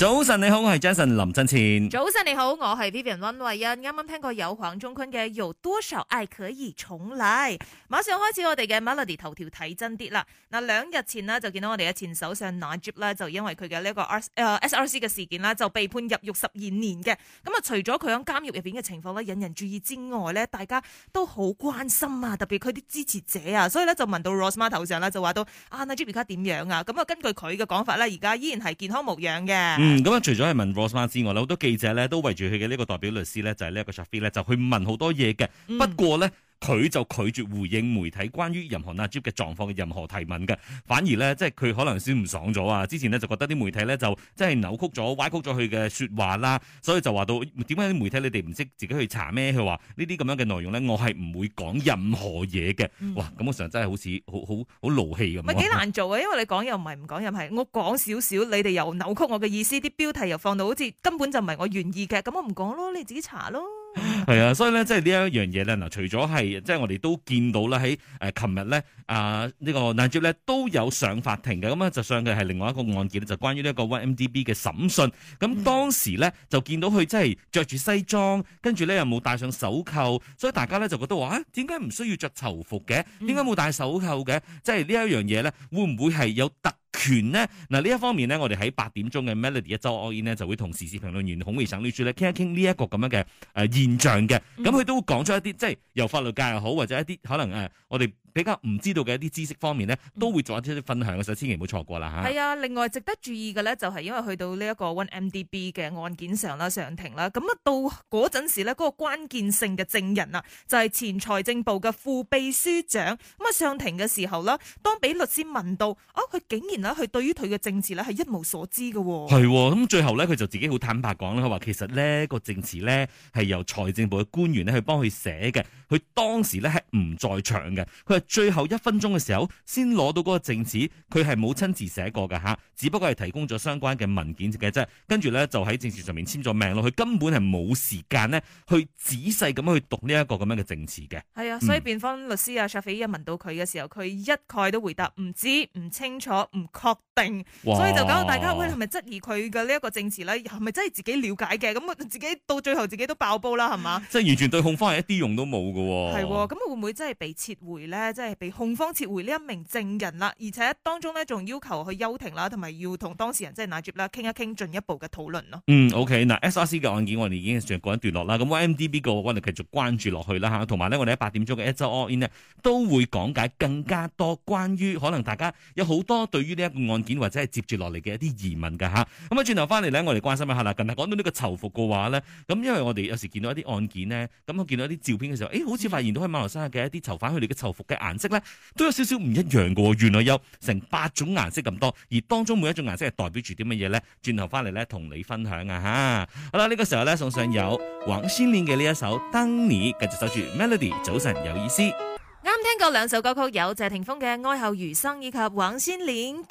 早晨，你好，我係 Jason 林振前。早晨，你好，我係 Vivian 溫慧恩。啱啱聽過有黃中坤嘅有多少愛可以重來。馬上開始我哋嘅 Melody 頭條睇真啲啦。嗱，兩日前呢，就見到我哋嘅前首相 Najib 啦，就因為佢嘅呢個 SRC 嘅事件啦，就被判入獄十二年嘅。咁啊，除咗佢喺監獄入面嘅情況咧，引人注意之外咧，大家都好關心啊，特別佢啲支持者啊，所以咧就問到 Rosmah 頭上啦，就話到啊，Najib 而家點樣啊？咁啊，根據佢嘅講法咧，而家依然係健康無恙嘅。嗯，咁、嗯、啊，除咗係問 Rosman 之外咧，好多記者咧都圍住佢嘅呢個代表律師咧，就係、是、呢一個 Travie 咧，就去問好多嘢嘅、嗯。不過咧。佢就拒絕回應媒體關於任何阿 J 嘅狀況嘅任何提問嘅，反而咧即係佢可能先唔爽咗啊！之前咧就覺得啲媒體咧就即係扭曲咗、歪曲咗佢嘅說話啦，所以就話到點解啲媒體你哋唔識自己去查咩？佢話呢啲咁樣嘅內容咧，我係唔會講任何嘢嘅、嗯。哇！咁我成日真係好似好好好勞氣咁樣。咪幾難做啊？因為你講又唔係唔講又係， 我講少少，你哋又扭曲我嘅意思，啲標題又放到好似根本就唔係我願意嘅，咁我唔講咯，你自己查咯。係 啊， 所以咧，即係呢一樣嘢咧。嗱，除咗係即係我哋都見到啦，喺誒，琴日咧，啊呢、呃這個 Najib 呢咧都有上法庭嘅。咁、呃、啊，就上嘅係另外一個案件咧，就關於呢一個 1MDB 嘅審訊。咁、嗯嗯、當時咧就見到佢即係着住西裝，跟住咧又冇戴上手銬，所以大家咧就覺得話啊，點解唔需要着囚服嘅？點解冇戴手銬嘅？即係呢一樣嘢咧，會唔會係有特。權咧，嗱，呢一方面咧，我哋喺八點鐘嘅 Melody 一周開演呢，就會同時事評論員孔維省呢書呢傾一傾呢一個咁樣嘅誒、呃、現象嘅，咁佢都講出一啲即係由法律界又好，或者一啲可能誒、呃、我哋。比較唔知道嘅一啲知識方面呢，都會做一啲分享，嘅時候千祈唔好錯過啦吓。係啊，另外值得注意嘅呢，就係因為去到呢一個 1MDB 嘅案件上啦，上庭啦，咁啊到嗰陣時呢，嗰，嗰個關鍵性嘅證人啊，就係前財政部嘅副秘書長。咁啊上庭嘅時候呢，當俾律師問到哦，佢，啊，竟然呢，佢對於佢嘅證詞呢，係一無所知嘅。係，啊，咁最後呢，佢就自己好坦白講啦，佢話其實呢個證詞呢，係由財政部嘅官員呢去幫佢寫嘅，佢當時呢，係唔在場嘅。最後一分鐘嘅時候，先攞到嗰個證詞，佢係冇親自寫過嘅吓，只不過係提供咗相關嘅文件嘅啫。跟住咧就喺證詞上面簽咗名咯，佢根本係冇時間呢去仔細咁樣去讀呢一個咁樣嘅證詞嘅。係啊，所以辯方律師、嗯、啊，沙菲依問到佢嘅時候，佢一概都回答唔知、唔清楚、唔確定，所以就搞到大家會係咪質疑佢嘅呢一個證詞咧？係咪真係自己了解嘅？咁啊自己到最後自己都爆煲啦，係嘛？即係完全對控方係一啲用都冇嘅、啊。係喎、啊，咁會唔會真係被撤回咧？即係被控方撤回呢一名證人啦，而且當中呢仲要求去休庭啦，同埋要同當事人即係 Najib 啦傾一傾進一步嘅討論咯。嗯，OK，嗱，S R C 嘅案件我哋已經上過一段落啦，咁 M D B 嘅我哋繼續關注落去啦吓，同埋呢我哋喺八點鐘嘅一周 All In 咧都會講解更加多關於可能大家有好多對於呢一個案件或者係接住落嚟嘅一啲疑問噶吓，咁啊轉頭翻嚟呢，我哋關心一下啦，近嚟講到呢個囚服嘅話呢，咁因為我哋有時見到一啲案件呢，咁我見到一啲照片嘅時候，誒、欸，好似發現到喺馬來西亞嘅一啲囚犯佢哋嘅囚服嘅。顏色咧都有少少唔一樣嘅喎，原來有成八種顏色咁多，而當中每一種顏色係代表住啲乜嘢咧？轉頭翻嚟咧同你分享啊嚇！好啦，呢個時候咧送上有黃仙蓮嘅呢一首《等你》，繼續守住 melody，早晨有意思。啱聽過兩首歌曲，有謝霆鋒嘅《愛後餘生》以及黃仙蓮《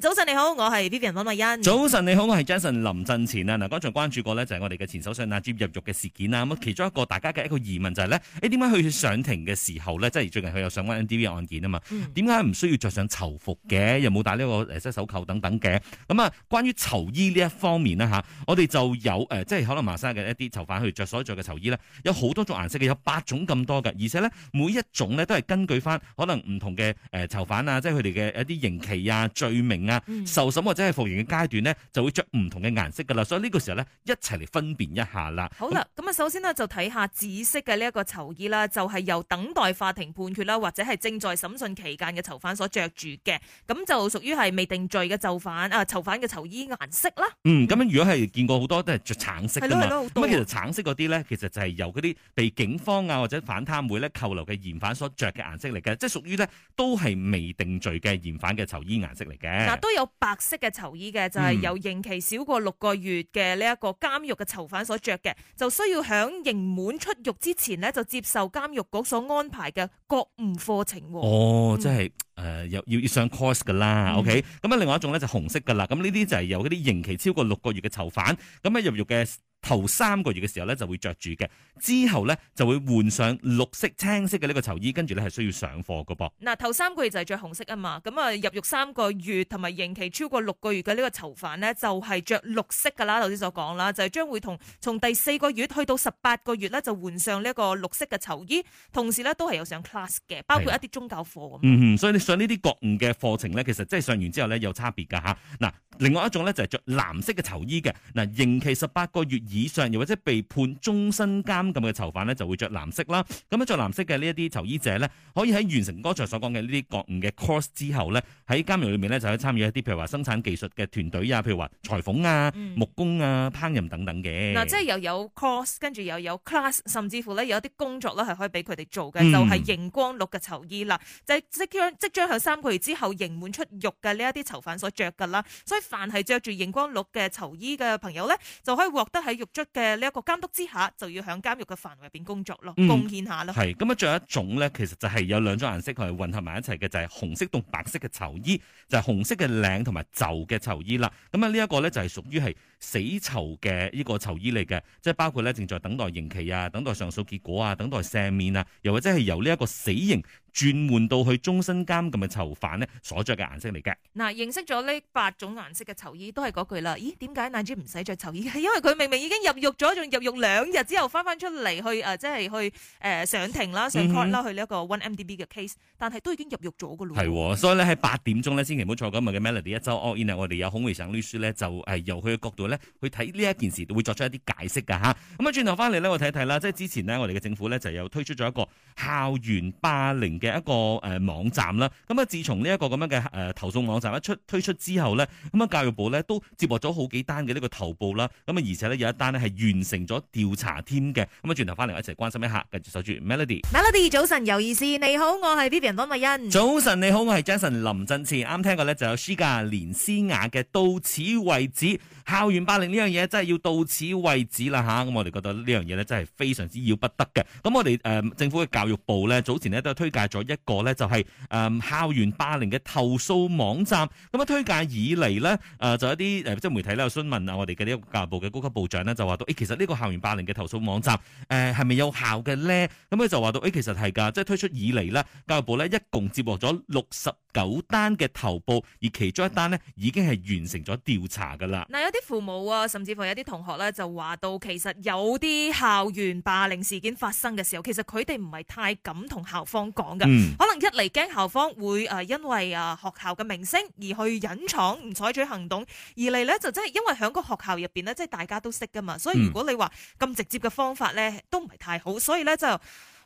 早晨你好，我係 Vivian 方慧欣。早晨你好，我係 Jason 林振前啊！嗱，剛才關注過呢，就係我哋嘅前首相啊，接入獄嘅事件啦。咁其中一個大家嘅一個疑問就係、是、呢，誒，點解去上庭嘅時候呢，即係最近佢有上翻 1MDB 案件啊嘛？點解唔需要着上囚服嘅，又冇戴呢個誒手扣等等嘅？咁啊，關於囚衣呢一方面呢，吓，我哋就有誒，即係可能麻生嘅一啲囚犯去着所着嘅囚衣呢，有好多種顏色嘅，有八種咁多嘅，而且呢，每一種呢都係根據翻可能唔同嘅誒囚犯啊，即係佢哋嘅一啲刑期啊，罪。獄明啊，受審或者係服刑嘅階段呢，就會着唔同嘅顏色噶啦，所以呢個時候呢，一齊嚟分辨一下啦。好啦，咁啊，首先呢，就睇下紫色嘅呢一個囚衣啦，就係由等待法庭判決啦，或者係正在審訊期間嘅囚犯所着住嘅，咁就屬於係未定罪嘅就犯啊囚犯嘅囚衣顏色啦。嗯，咁樣如果係見過好多都係着橙色噶嘛，咁啊其實橙色嗰啲呢，其實就係由嗰啲被警方啊或者反貪會咧扣留嘅嫌犯所着嘅顏色嚟嘅，即係屬於咧都係未定罪嘅嫌犯嘅囚衣顏色嚟嘅。嗱，都有白色嘅囚衣嘅，就係、是、由刑期少過六個月嘅呢一個監獄嘅囚犯所着嘅，就需要響刑滿出獄之前呢，就接受監獄局所安排嘅覺悟課程。哦，嗯、即係誒，又、呃、要要上 course 噶啦。OK，咁、嗯、啊，另外一種咧就紅色噶啦。咁呢啲就係由啲刑期超過六個月嘅囚犯咁啊入獄嘅。頭三個月嘅時候咧就會着住嘅，之後咧就會換上綠色、青色嘅呢個囚衣，跟住咧係需要上課嘅噃。嗱，頭三個月就係着紅色啊嘛，咁啊入獄三個月同埋刑期超過六個月嘅呢個囚犯呢，就係着綠色噶啦，頭先所講啦，就係將會同從第四個月去到十八個月咧就換上呢個綠色嘅囚衣，同時咧都係有上 class 嘅，包括一啲宗教課咁、嗯。所以你上呢啲覺悟嘅課程咧，其實真係上完之後咧有差別噶吓。嗱，另外一種咧就係着藍色嘅囚衣嘅，嗱，刑期十八個月。以上又或者被判終身監禁嘅囚犯咧，就會着藍色啦。咁樣著藍色嘅呢一啲囚衣者咧，可以喺完成剛才所講嘅呢啲覺悟嘅 course 之後咧，喺監獄裏面咧就可以參與一啲譬如話生產技術嘅團隊啊，譬如話裁縫啊、木工啊、嗯、烹飪等等嘅。嗱，即係又有，有 course 跟住又有，有 class，甚至乎咧有一啲工作咧係可以俾佢哋做嘅、嗯，就係、是、熒光綠嘅囚衣啦。就係、是、即將即將向三個月之後刑滿出獄嘅呢一啲囚犯所着㗎啦。所以凡係着住熒光綠嘅囚衣嘅朋友咧，就可以獲得喺獄。嘅呢一個監督之下，就要喺監獄嘅範圍入邊工作咯，貢獻下咯。係咁啊，仲有一種咧，其實就係有兩種顏色佢係混合埋一齊嘅，就係、是、紅色同白色嘅囚衣，就係、是、紅色嘅領同埋袖嘅囚衣啦。咁啊，呢一個咧就係屬於係死囚嘅呢個囚衣嚟嘅，即係包括咧正在等待刑期啊，等待上訴結果啊，等待赦免啊，又或者係由呢一個死刑轉換到去終身監禁咁嘅囚犯呢所着嘅顏色嚟嘅。嗱、啊，認識咗呢八種顏色嘅囚衣，都係嗰句啦。咦，點解奶主唔使着囚衣？係 因為佢明明已經入獄咗，仲入獄兩日之後翻翻出嚟去誒、呃，即係去誒、呃、上庭啦、上 court 啦，去呢一個 one MDB 嘅 case，但係都已經入獄咗嘅咯。係、哦，所以咧喺八點鐘咧，千祈唔好錯過今日嘅 Melody 一周哦，然後我哋有孔維省律師咧，就誒由佢嘅角度。去睇呢一件事會作出一啲解釋噶吓，咁啊轉頭翻嚟咧，我睇一睇啦，即係之前呢，我哋嘅政府咧就有推出咗一個校園霸凌嘅一個誒、呃、網站啦。咁啊，自從呢一個咁樣嘅誒、呃、投訴網站一出推出之後呢，咁啊，教育部呢都接獲咗好幾單嘅呢個投報啦。咁啊，而且呢，有一單咧係完成咗調查添嘅。咁啊，轉頭翻嚟我一齊關心一下，跟住守住 Melody。Melody 早晨，尤以詩你好，我係 Vivian 方慧欣。早晨，你好，我係 Jason 林振志。啱聽過呢就有 Shiga 連詩雅嘅到此為止校園。校園霸凌呢樣嘢真係要到此為止啦嚇，咁我哋覺得呢樣嘢咧真係非常之要不得嘅。咁我哋誒政府嘅教育部呢，早前咧都推介咗一個呢，就係誒校園霸凌嘅投訴網站。咁啊推介以嚟呢，誒就有啲誒即係媒體呢，有詢問啊，我哋嘅呢一個教育部嘅高級部長呢，就話到誒其實呢個校園霸凌嘅投訴網站誒係咪有效嘅呢？咁佢就話到誒其實係㗎，即係推出以嚟呢，教育部呢，一共接獲咗六十九單嘅投報，而其中一單呢，已經係完成咗調查㗎啦。嗱有啲父冇啊，甚至乎有啲同學咧就話到，其實有啲校園霸凌事件發生嘅時候，其實佢哋唔係太敢同校方講㗎，嗯，可能一嚟驚校方會因為啊學校嘅名聲而去隱藏唔採取行動，二嚟咧就真係因為喺個學校入邊咧，即、就是、大家都識噶嘛，所以如果你話咁直接嘅方法咧，都唔係太好，所以咧就。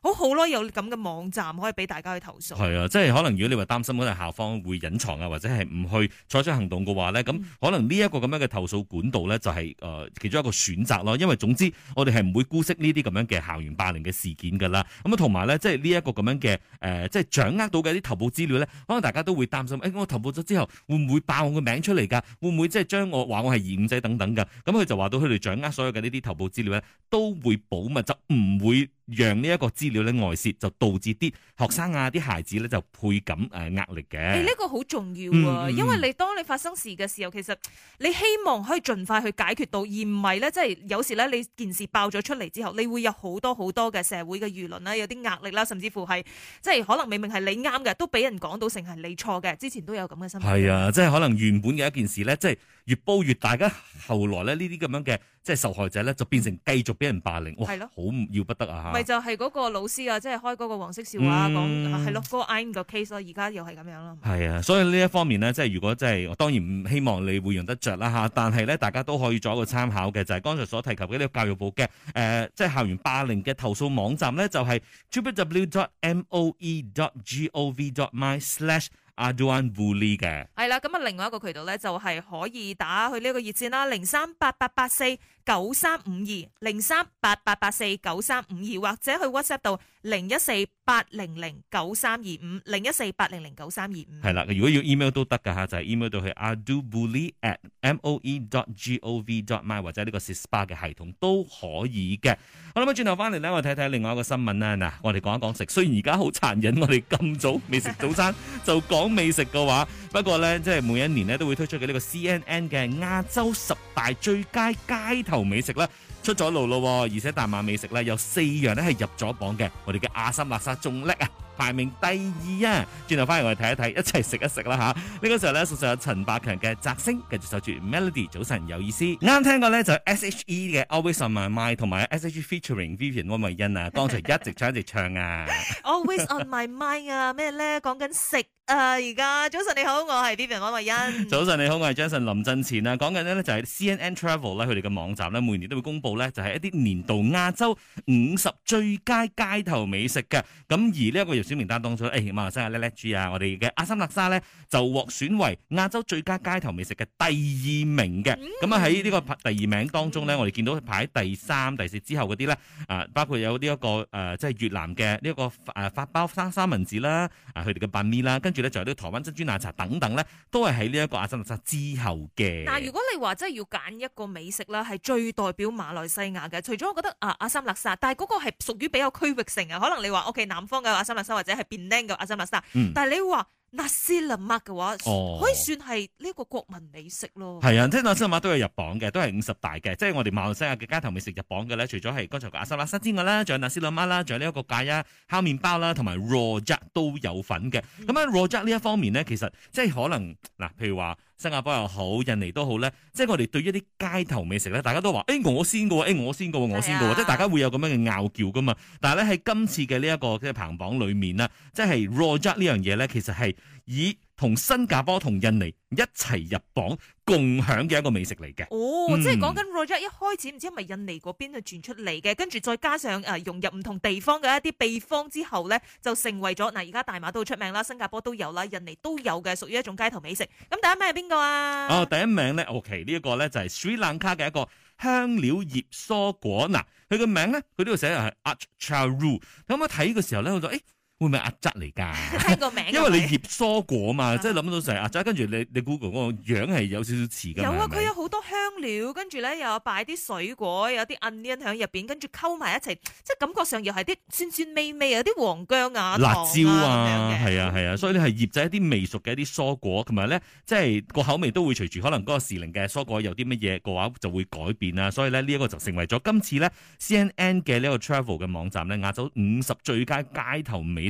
好好咯，有咁嘅網站可以俾大家去投訴。係啊，即係可能如果你話擔心嗰啲校方會隱藏啊，或者係唔去採取行動嘅話咧，咁、嗯、可能呢一個咁樣嘅投訴管道咧、就是，就、呃、係其中一個選擇咯。因為總之我哋係唔會姑息呢啲咁樣嘅校園霸凌嘅事件㗎啦。咁啊，同埋咧，即係呢一個咁樣嘅、呃、即係掌握到嘅啲投報資料咧，可能大家都會擔心誒、欸，我投報咗之後會唔會爆我個名出嚟㗎？會唔會即係將我話我係二五仔等等㗎？咁佢就話到佢哋掌握所有嘅呢啲投報資料咧，都會保密，就唔會讓呢一個資料料外泄，就導致啲學生啊，啲孩子咧就倍感誒壓力嘅。誒，呢個好重要啊，嗯，因為你當你發生事嘅時候、嗯，其實你希望可以盡快去解決到，而唔係咧，即係有時咧你件事爆咗出嚟之後，你會有好多好多嘅社會嘅輿論啦，有啲壓力啦，甚至乎係即係可能明明係你啱嘅，都俾人講到成係你錯嘅。之前都有咁嘅新聞。係啊，即係可能原本嘅一件事咧，即係。越煲越大，家後來咧呢啲咁樣嘅即係受害者咧就變成繼續俾人霸凌，係咯，好唔要不得啊嚇！咪就係、是、嗰個老師啊，即、就、係、是、開嗰個黃色笑話講，係咯嗰個案個 case 啊，而家又係咁樣啦。係啊，所以呢一方面咧，即係如果即係我當然唔希望你會用得着啦嚇，但係咧大家都可以作一個參考嘅，就係、是、剛才所提及嘅呢個教育部嘅誒，即係校園霸凌嘅投訴網站咧，就係、是、www.moe.gov.my/slash Aduan Buli 嘅，係啦，咁啊另外一個渠道咧就係、是、可以打去呢個熱線啦，零三八八八四九三五二零三八八八四九三五二，或者去 WhatsApp 到零一四八零零九三二五零一四八零零九三二五，係啦，如果要 email 都得㗎吓，就係、是、email 到去 aduanbuli at moe.gov.my 或者呢個 SISPA 嘅系統都可以嘅。好啦，咁轉頭翻嚟咧，我睇睇另外一個新聞啦。嗱，我哋講一講食，雖然而家好殘忍，我哋咁早未食早餐就講。 美食嘅話，不過呢，即係每一年呢都會推出嘅呢個 CNN 嘅亞洲十大最佳街頭美食啦，出咗爐咯，而且大馬美食呢，有四樣呢係入咗榜嘅，我哋嘅亞參叻沙仲叻啊！排名第二啊！轉頭翻嚟我哋睇一睇，一齊食一食啦嚇！呢、啊呢個時候咧，送上有陳百強嘅《摘星》，繼續守住 Melody。早晨有意思，啱聽過咧就 SHE 嘅《Always On My Mind》同埋 SHE Featuring Vivian 溫 慧欣啊，剛才一直唱 一直唱啊！Always On My Mind 啊，咩咧？講緊食啊！而家早晨你好，我係 Vivian 溫慧欣。早晨你好，我係 Jason 林振前啊！講緊呢就係、是、CNN Travel 咧，佢哋嘅網站咧，每年都會公布咧，就係、是、一啲年度亞洲五十最佳街頭美食嘅。咁而呢一個月。小名單當中，誒、哎、馬來西亞叻叻豬啊！我哋嘅阿三辣沙咧就獲選為亞洲最佳街頭美食嘅第二名嘅。咁啊喺呢個第二名當中咧，我哋見到排第三、第四之後嗰啲咧，啊包括有呢、這、一個誒、呃，即係越南嘅呢一個誒發包沙三文治啦，啊佢哋嘅拌麵啦，跟住咧就係啲台灣珍珠奶茶等等咧，都係喺呢一個阿三辣沙之後嘅。但係如果你話真係要揀一個美食啦，係最代表馬來西亞嘅，除咗我覺得啊阿、啊、三辣沙，但係嗰個係屬於比較區域性啊。可能你話 OK，南方嘅阿、啊、三辣沙。或者係檳城嘅阿沙拉沙，但係你話納斯林麥嘅話，可以算係呢個國民美食咯。係、哦、啊，即係納斯林麥都有入榜嘅，都係五十大嘅。即係我哋馬來西亞嘅街頭美食入榜嘅咧，除咗係剛才嘅阿沙拉沙之外啦，仲有納斯林麥啦，仲有呢一個咖椰烤麵包啦，同埋 Rojak 都有份嘅。咁啊，Rojak 呢一方面咧，其實即係可能嗱，譬如話。新加坡又好，印尼都好咧，即係我哋對於一啲街頭美食咧，大家都話，誒我先過喎，我先過，我先過，即係大家會有咁樣嘅拗撬㗎嘛。但係咧喺今次嘅呢一個即係排行榜裏面咧，即係 Rojak 呢樣嘢咧，其實係以。同新加坡同印尼一齊入榜共享嘅一個美食嚟嘅，哦，即係講緊 Rojak，一開始唔知係咪印尼嗰邊去轉出嚟嘅，跟住再加上誒、啊、融入唔同地方嘅一啲秘方之後咧，就成為咗嗱而家大馬都好出名啦，新加坡都有啦，印尼都有嘅，屬於一種街頭美食。咁第一名係邊個啊？哦，第一名咧，OK 呢一個咧就係斯里蘭卡嘅一個香料葉蔬果嗱，佢個名咧，佢呢度寫係 Archaru，咁我睇嘅時候咧，我就誒。欸會唔係壓汁嚟㗎？聽個名， 因為你醃蔬果嘛，即係諗到成係壓汁。跟住你你 Google 嗰個樣係有少少似㗎。有啊，佢有好多香料，跟住咧又有擺啲水果，有啲韌韌響入邊，跟住溝埋一齊，即係感覺上又係啲酸酸味味，有啲黃薑啊、辣椒啊，係啊係啊，okay，所以咧係醃製一啲未熟嘅一啲蔬果，同埋咧即係個口味都會隨住可能嗰個時令嘅蔬果有啲乜嘢嘅話就會改變啦。所以呢，呢一個就成為咗今次咧 C N N 嘅呢一個 travel 嘅網站咧亞洲五十最佳街，街頭美。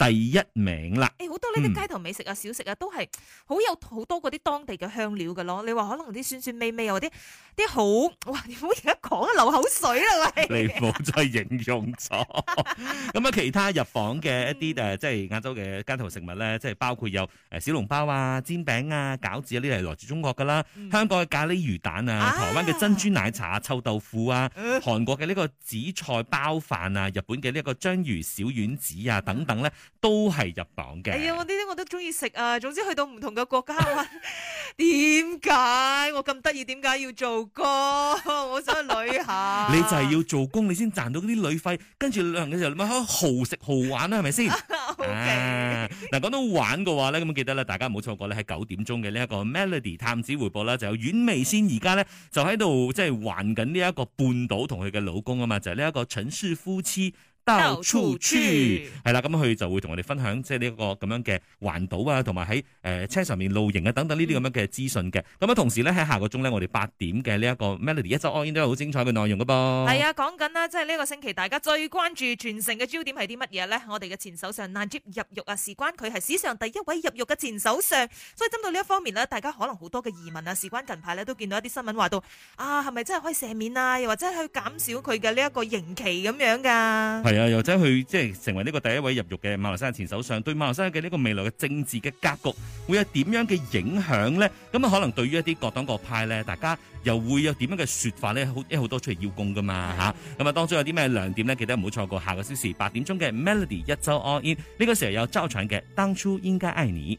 第一名啦！誒、欸，好多呢啲街頭美食啊、嗯、小食啊，都係好有好多嗰啲當地嘅香料㗎咯。你話可能啲酸酸味味，啊，啲啲好哇！你唔好而家講啊，流口水啦喂！你唔好再形容咗。咁啊，其他入房嘅一啲誒、嗯，即係亞洲嘅街頭食物咧，即係包括有小籠包啊、煎餅啊、餃子啊，呢啲係來自中國噶啦、嗯。香港嘅咖喱魚蛋啊，啊台灣嘅珍珠奶茶、臭豆腐啊，嗯、韓國嘅呢個紫菜包飯啊，日本嘅呢個章魚小丸子啊，等等咧。嗯都係入榜嘅。哎呀，我呢啲我都中意食啊！總之去到唔同嘅國家、啊，玩， 點解我咁得意？點解要做工？我想去旅下。 你就係要做工，你先賺到啲旅費，跟住旅行嘅時候咪可以豪食豪玩啦，係咪先？O K。嗱、 啊，講 到玩嘅話咧，咁記得咧，大家唔好錯過咧，喺九點鐘嘅呢一個 Melody 探子回報啦，就有阮美仙而家咧就喺度即係玩緊呢一個半島同佢嘅老公啊嘛，就係呢一個陳氏夫妻。到處去係啦，咁佢就會同我哋分享即係呢一個咁樣嘅環島啊，同埋喺誒車上面露營啊等等呢啲咁樣嘅資訊嘅。咁啊，同時咧喺下個鐘咧，我哋八點嘅呢一個 Melody 一周 All In 都係好精彩嘅內容嘅噃。係啊，講緊啦，即係呢個星期大家最關注全城嘅焦點係啲乜嘢咧？我哋嘅前首相 Najib 入獄啊，事關佢係史上第一位入獄嘅前首相，所以針對呢一方面呢，大家可能好多嘅疑問啊，事關近排咧都見到一啲新聞話到啊，係咪真係可以赦免啊？又或者去減少佢嘅呢一個刑期咁樣噶？係啊，又或者佢成為呢個第一位入獄嘅馬來西亞前首相，對馬來西亞嘅呢個未來嘅政治嘅格局會有點樣嘅影響呢？咁啊，可能對於一啲各黨各派呢，大家又會有點樣嘅說法呢？好，好多出嚟邀功噶嘛吓。咁啊，當中有啲咩亮點呢？記得唔好錯過下個小時八點鐘嘅 Melody 一周 All In，呢個時候有周長嘅當初應該愛你。